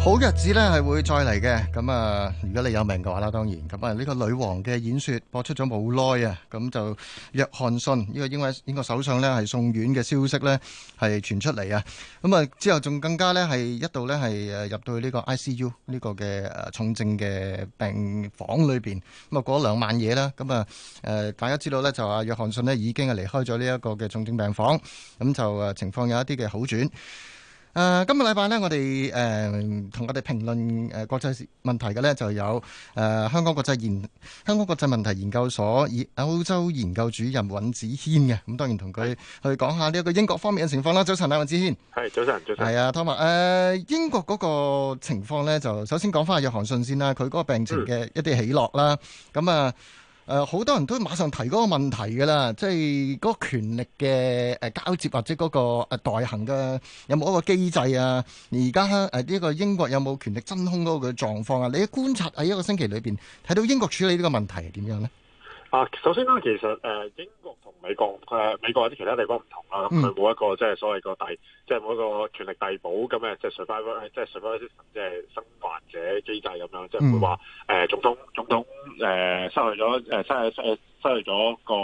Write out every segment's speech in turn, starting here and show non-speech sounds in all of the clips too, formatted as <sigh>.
好日子咧係會再嚟嘅，咁啊，如果你有名嘅話啦，當然，咁啊呢個女王嘅演說播出咗冇耐啊，咁就約翰遜呢個英英國首相咧係送院嘅消息咧係傳出嚟啊，咁啊之後仲更加咧係一度咧係誒入到呢個 ICU 呢個嘅誒重症嘅病房裏邊，咁啊過咗兩晚嘢啦，咁啊誒大家知道咧就阿約翰遜咧已經係離開咗呢一個嘅重症病房，咁就誒情況有一啲嘅好轉。誒、呃，今日禮拜呢我哋誒同我哋評論誒國際問題嘅呢就有誒、呃、香港國際研香港國際問題研究所以歐洲研究主任尹子軒嘅，咁當然同佢去講下呢一個英國方面嘅情況啦。早晨啊，尹子軒，係早晨，早晨，係啊，托馬，誒，英國嗰個情況呢就首先講翻阿約翰遜先啦，佢嗰個病情嘅一啲起落啦，咁、嗯、啊。誒好、呃、多人都馬上提嗰個問題㗎啦，即係嗰個權力嘅交接或者嗰、嗰個、呃、代行嘅有冇一個機制啊？而家呢個英國有冇權力真空嗰個狀況啊？你觀察喺一個星期裏邊，睇到英國處理呢個問題係點樣咧？啊，首先啦，其實誒英國同美國誒美國有啲其他地方唔同啦，佢冇一個即係所謂個遞，即係冇一個權力遞補咁嘅，即係 survival 即係 survive 即係生還者機制咁樣，即係會話誒總統總統誒、呃、失去咗失去了失去咗個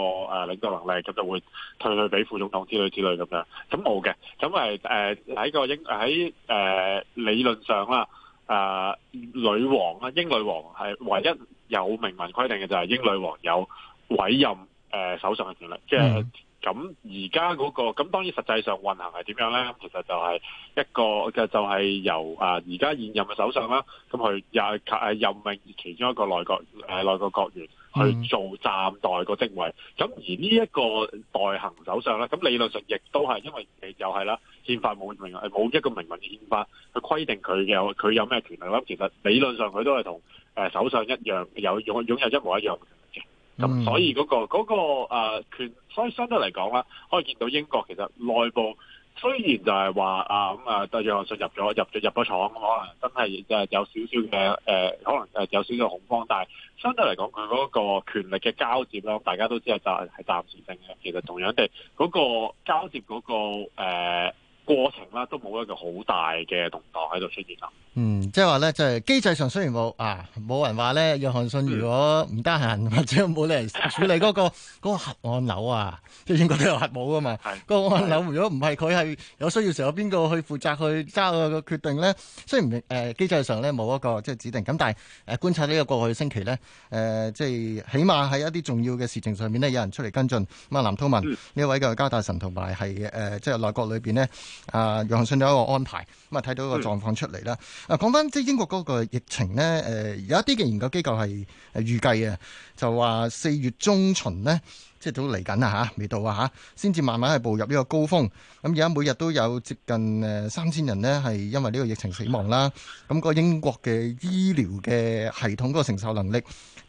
領導能力，咁就會退去俾副總統之類之類咁樣的。咁冇嘅，咁係誒喺個英喺理論上啦、呃，女王啊，英女王係唯一。有明文規定嘅就係、是、英女王有委任誒首相嘅權力，即係咁而家嗰個咁當然實際上運行係點樣咧？其實就係一個嘅就係、是、由啊而家現任嘅首相啦，咁佢又係任命其中一個內閣誒、啊、內閣閣員。嗯、去做暫代個職位，咁而呢一個代行首相呢，咁理論上亦都係因為佢又係啦，憲法冇明，冇一個明文嘅憲法去規定佢有佢有咩權利啦。其實理論上佢都係同誒首相一樣，有擁擁有，有有一模一樣嘅。咁所以嗰個嗰個、呃、權，所以相對嚟講啦，可以見到英國其實內部。雖然就係話啊咁啊，約翰遜入咗入咗入咗廠，可能真係就係有少少嘅、呃、可能有少少恐慌，但係相對嚟講，佢嗰個權力嘅交接咯，大家都知係暫係暫時性嘅。其實同樣地，嗰個交接嗰個、呃過程啦，都冇一個好大嘅動盪喺度出現啦。嗯，即係話咧，就係、是、機制上雖然冇啊，冇人話咧，約翰遜如果唔得閒或者冇人處理嗰、那個嗰 <laughs> 個核按鈕啊，即係應該都有核武噶嘛。是個按鈕如果唔係佢係有需要時候，邊個去負責去揸個決定咧？雖然誒機、呃、制上咧冇一個即係、就是、指定，咁但係誒觀察呢個過去星期咧，誒、呃、即係起碼喺一啲重要嘅事情上面呢，有人出嚟跟進。咁啊，藍韜文呢位嘅交大臣，同埋係誒即係內閣裏邊呢啊，楊行信有一個安排，咁啊，睇到個狀況出嚟啦。嗯、啊，講翻即英國嗰個疫情咧，誒、呃、有一啲嘅研究機構係誒預計啊，就話四月中旬咧。即係早嚟緊啦嚇，未到啊嚇，先至慢慢係步入呢個高峰。咁而家每日都有接近誒三千人呢，係因為呢個疫情死亡啦。咁個英國嘅醫療嘅系統嗰個承受能力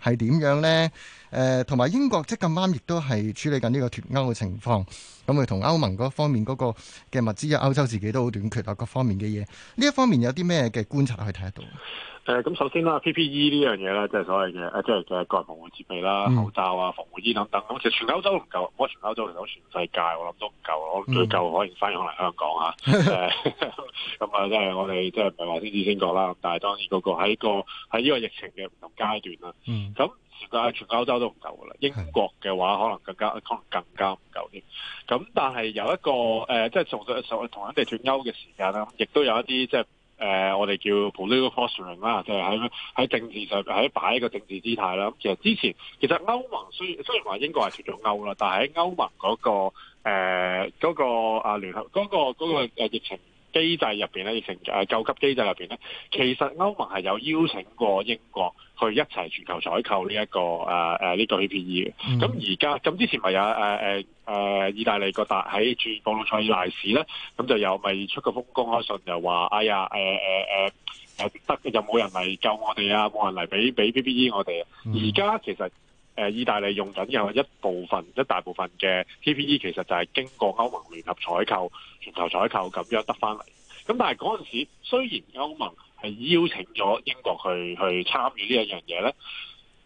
係點樣呢？誒，同埋英國即咁啱，亦都係處理緊呢個脱歐嘅情況。咁佢同歐盟嗰方面嗰個嘅物資啊，歐洲自己都好短缺啊，各方面嘅嘢。呢一方面有啲咩嘅觀察去睇得到？誒咁、呃、首先啦，PPE 呢樣嘢咧，即係所謂嘅、呃、即係嘅人防護設備啦，口罩啊、防護、嗯、衣等等。咁其實全歐洲唔夠，唔可以全歐洲，嚟到全世界我諗都唔夠。嗯、我最夠可以翻入嚟香港嚇。咁 <laughs> 啊，即係我哋即係唔係話先知先覺啦。但係當然嗰個喺個喺呢個疫情嘅唔同階段啦。咁其實全歐洲都唔夠㗎啦。英國嘅話可能更加，可能更加可能更加唔夠添。咁、嗯、但係有一個誒、呃，即係從同人哋脱歐嘅時間啦，亦、嗯、都有一啲即係。誒、呃，我哋叫 political posturing 啦，就係喺喺政治上，喺擺一個政治姿態啦。咁其實之前，其實歐盟雖然話英國係脫咗歐啦，但係喺歐盟嗰、那個誒嗰、呃那個啊聯合嗰、那個嗰、那個疫情。機制入邊咧，成誒救急機制入邊咧，其實歐盟係有邀請過英國去一齊全球採購呢一個誒誒呢個 PPE 嘅。咁而家咁之前咪有誒誒誒意大利個大喺駐布魯塞爾大使咧，咁就有咪出個封公開信就，就話哎呀誒誒誒誒得，又冇人嚟救我哋啊，冇人嚟俾俾 PPE 我哋啊。而家、mm hmm. 其實。誒，意大利用緊有一部分、一大部分嘅 PPE，其實就係經過歐盟聯合採購、全球採購咁樣得返嚟。咁但係嗰陣時，雖然歐盟係邀請咗英國去去參與呢一樣嘢咧，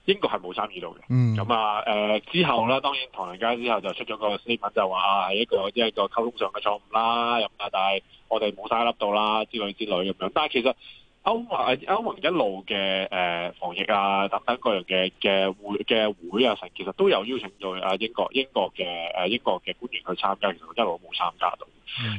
英國係冇參與到嘅。嗯。咁啊，誒、呃、之後咧，當然唐寧街之後就出咗個新聞就，就話係一個即係個溝通上嘅錯誤啦。咁啊，但係我哋冇曬粒到啦，之類之類咁樣。但係其實，歐盟歐盟一路嘅、呃、防疫啊等等各樣嘅嘅會嘅會啊，其實都有邀請到啊英國英國嘅、呃、英國嘅官員去參加，其實一路冇參加到。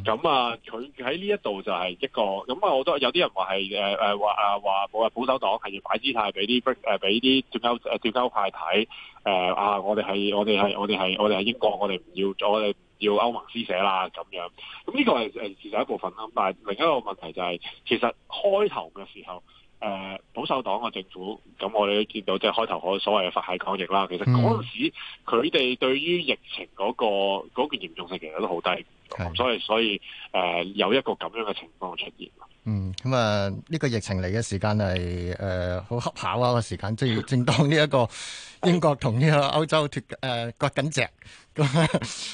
咁、嗯、啊，佢喺呢一度就係一個咁、呃、啊，我都有啲人話係誒誒話啊話保啊保守黨係要擺姿態俾啲誒俾啲脱歐誒脱歐派睇誒啊，我哋係我哋係我哋係我哋係英國，我哋唔要咗我哋要歐盟施捨啦咁樣，咁、嗯、呢個係、呃、其事實一部分啦。但係另一個問題就係、是，其實開頭嘅時候，誒、呃、保守黨嘅政府，咁我哋都見到，即係開頭所謂嘅發械抗疫啦。其實嗰陣時，佢哋對於疫情嗰、那個嗰、那個、嚴重性其實都好低，咁的所以所以誒、呃、有一個咁樣嘅情況出現。嗯，咁啊，呢個疫情嚟嘅時間係誒好恰巧啊個時間，即係正當呢一個英國同呢個歐洲脫誒、呃、割緊席咁誒，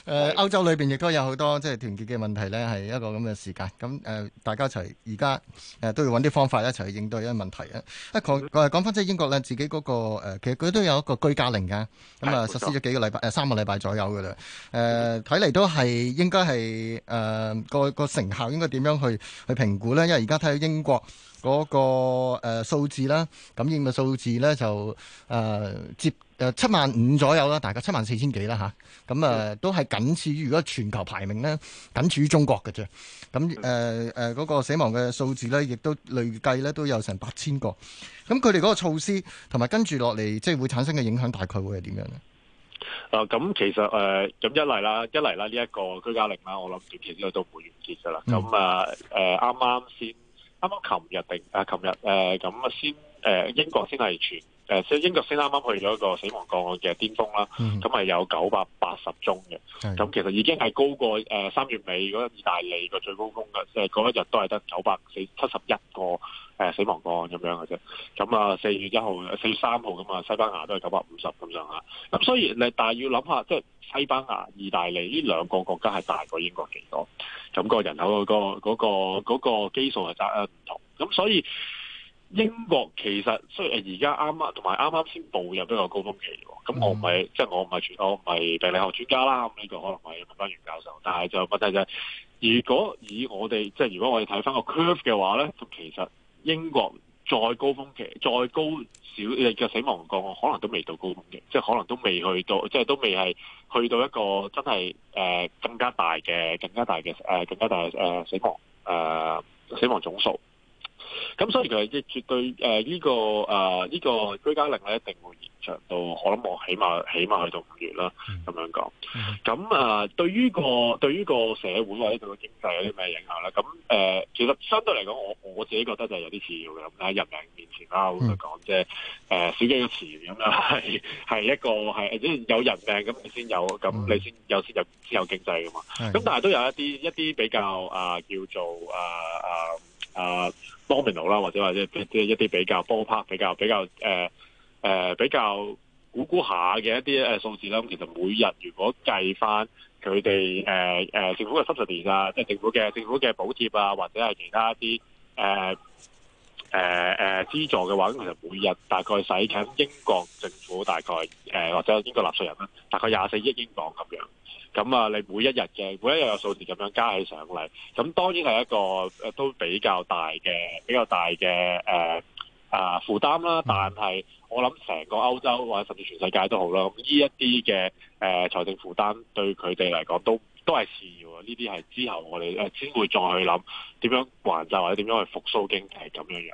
歐、呃、洲裏邊亦都有好多即係團結嘅問題咧，係一個咁嘅時間。咁誒、呃，大家一齊而家誒都要揾啲方法一齊去應對一啲問題啊！一講講翻即係英國咧自己嗰、嗰個誒、呃，其實佢都有一個居家令噶，咁啊實施咗幾個禮拜誒、呃、三個禮拜左右噶啦誒睇嚟都係應該係誒個個成效應該點樣去去評估咧？而家睇到英國嗰、那個誒、呃、數字啦，感染嘅數字咧就誒、呃、接誒、呃、七萬五左右啦，大概七萬四千幾啦吓，咁啊、嗯、都係僅次於如果全球排名咧，僅次於中國嘅啫。咁誒誒嗰個死亡嘅數字咧，亦都累計咧都有成八千個。咁佢哋嗰個措施同埋跟住落嚟，即係會產生嘅影響，大概會係點樣呢？啊，咁其實，誒、呃，咁一嚟啦，一嚟啦，呢、這、一個居家令啦，我諗短期應該都會完結噶啦。咁、嗯、啊，誒啱啱先，啱啱琴日定啊，琴日誒，咁啊先誒、啊，英國先係全。誒，英國先啱啱去咗一個死亡個案嘅巔峰啦，咁係、嗯、有九百八十宗嘅，咁其實已經係高過誒三月尾嗰個意大利個最高峰嘅，即係嗰一日都係得九百四七十一個誒死亡個案咁樣嘅啫。咁啊，四月一號、四月三號咁啊，西班牙都係九百五十咁上下。咁所以你但係要諗下，即係西班牙、意大利呢兩個國家係大過英國幾多？咁、嗰個人口、嗰個嗰、嗰個嗰個嗰個嗰個基數係差誒唔同。咁所以。英國其實，雖然而家啱啱，同埋啱啱先步入一個高峰期喎。咁我唔係，即係、嗯、我唔係全我唔係病理學專家啦。咁呢個可能係問返袁教授，但係就問題就係，如果以我哋即係如果我哋睇返個 curve 嘅話咧，其實英國再高峰期、再高少你嘅死亡個案，可能都未到高峰期，即、就、係、是、可能都未去到，即、就、係、是、都未係去到一個真係誒更加大嘅、更加大嘅誒更加大誒、呃呃、死亡誒、呃、死亡總數。咁所以其實亦絕對誒呢、呃這個啊呢、呃這個居家令咧一定會延長到，我諗我起碼起碼去到五月啦，咁樣講咁啊，對於個對於個社會或者對個經濟有啲咩影響咧？咁誒、呃，其實相對嚟講我我自己覺得就係有啲次要嘅，咁喺人命面前啦，我咁講啫。誒、嗯，少之又少咁樣係係一個係即係有人命咁你先有，咁你先有先、嗯、有先有經濟噶嘛。咁但係都有一啲一啲比較啊、呃、叫做啊啊。呃呃啊，Domino 啦、呃呃呃呃啊，或者或者即係一啲比較 ballpark、比較比較誒誒比較估估下嘅一啲誒數字啦。咁、呃、其實每日如果計翻佢哋誒誒政府嘅 subsidies 啊，即係政府嘅政府嘅補貼啊，或者係其他一啲誒誒誒資助嘅話，咁其實每日大概使緊英國政府大概誒、呃、或者英國納稅人啦，大概廿四億英鎊咁樣。咁啊，你每一日嘅每一日嘅數字咁樣加起上嚟，咁當然係一個誒都比較大嘅比較大嘅誒、呃、啊負擔啦。但係我諗成個歐洲或者甚至全世界都好啦，咁呢一啲嘅誒財政負擔對佢哋嚟講都都係次要啊。呢啲係之後我哋誒先會再去諗點樣還債或者點樣去復甦經濟咁樣樣。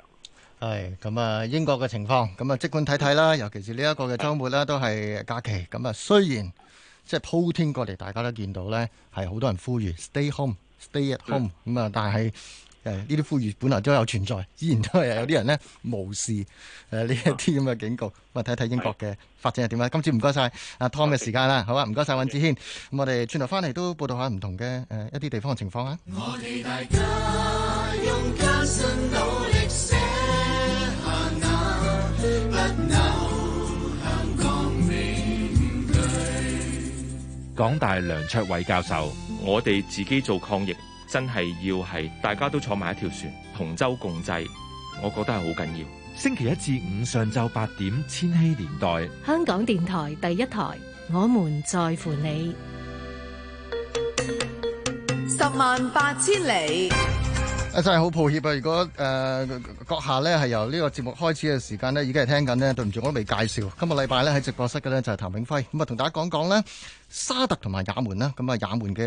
係咁啊，英國嘅情況咁啊，即管睇睇啦。尤其是呢一個嘅週末啦，嗯、都係假期。咁、嗯、啊，雖然。即係鋪天過嚟，大家都見到咧，係好多人呼籲 stay home，stay at home 咁啊！但係誒呢啲呼籲本來都有存在，依然都係有啲人咧無視誒呢一啲咁嘅警告。咁啊，睇睇英國嘅發展係點啦。今次唔該曬阿 Tom 嘅時間啦，好啊！唔該曬尹子軒。咁我哋轉頭翻嚟都報道下唔同嘅誒一啲地方嘅情況啊。港大梁卓偉教授，我哋自己做抗疫，真係要係大家都坐埋一條船，同舟共濟，我覺得係好緊要。星期一至五上晝八點，千禧年代，香港電台第一台，我們在乎你，十萬八千里。啊，真係好抱歉啊！如果誒呃、閣下咧係由呢個節目開始嘅時間呢，已經係聽緊呢。對唔住，我都未介紹。今個禮拜咧喺直播室嘅咧就係譚永輝，咁啊同大家講講咧。沙特同埋也門啦，咁啊也門嘅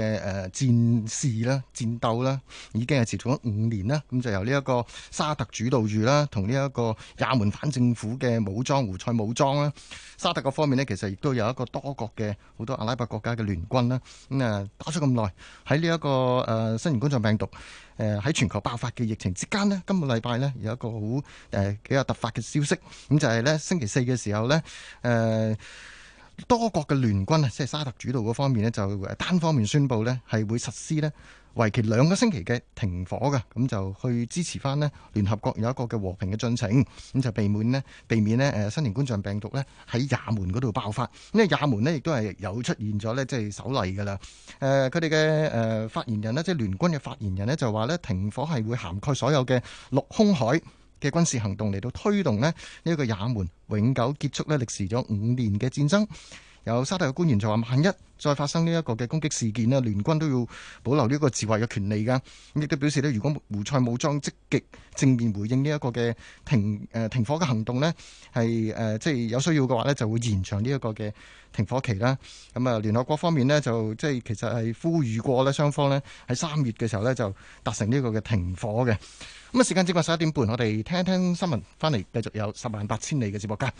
誒戰事啦、戰鬥啦，已經係持續咗五年啦。咁就由呢一個沙特主導住啦，同呢一個也門反政府嘅武裝胡塞武裝啦。沙特個方面呢，其實亦都有一個多國嘅好多阿拉伯國家嘅聯軍啦。咁啊，打咗咁耐喺呢一個誒新型冠狀病毒誒喺全球爆發嘅疫情之間呢，今個禮拜呢，有一個好誒幾日突發嘅消息，咁就係、是、呢星期四嘅時候呢，誒、呃。多國嘅聯軍啊，即係沙特主導嗰方面咧，就單方面宣布咧，係會實施咧維期兩個星期嘅停火嘅，咁就去支持翻咧聯合國有一個嘅和平嘅進程，咁就避免呢，避免呢誒新型冠狀病毒呢喺也門嗰度爆發，因為也門呢亦都係有出現咗呢，即係首例㗎啦。誒佢哋嘅誒發言人咧，即係聯軍嘅發言人呢，就話呢停火係會涵蓋所有嘅陸空海嘅軍事行動，嚟到推動咧呢一個也門永久結束咧歷時咗五年嘅戰爭。有沙特嘅官員就話：萬一再發生呢一個嘅攻擊事件呢，聯軍都要保留呢個自衛嘅權利㗎。咁亦都表示呢，如果胡塞武裝積極正面回應呢一個嘅停誒、呃、停火嘅行動呢，係誒即係有需要嘅話呢，就會延長呢一個嘅停火期啦。咁啊，聯合國方面呢，就即係其實係呼籲過呢雙方呢喺三月嘅時候呢，就達成呢個嘅停火嘅。咁啊，時間接近十一點半，我哋聽一聽新聞，翻嚟繼續有十萬八千里嘅節目間。